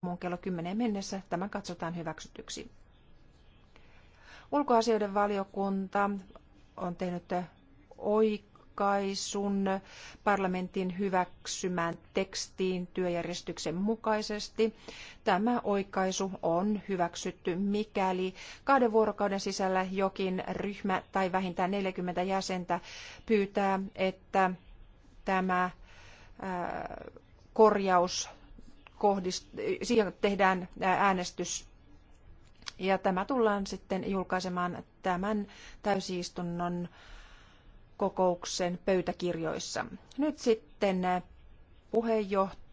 muun kello 10 mennessä. Tämä katsotaan hyväksytyksi. Ulkoasioiden valiokunta on tehnyt oikaisun parlamentin hyväksymään tekstiin työjärjestyksen mukaisesti. Tämä oikaisu on hyväksytty, mikäli kahden vuorokauden sisällä jokin ryhmä tai vähintään 40 jäsentä pyytää, että tämä korjaus siihen tehdään äänestys ja tämä tullaan sitten julkaisemaan tämän täysistunnon kokouksen pöytäkirjoissa. Nyt sitten puheenjohtaja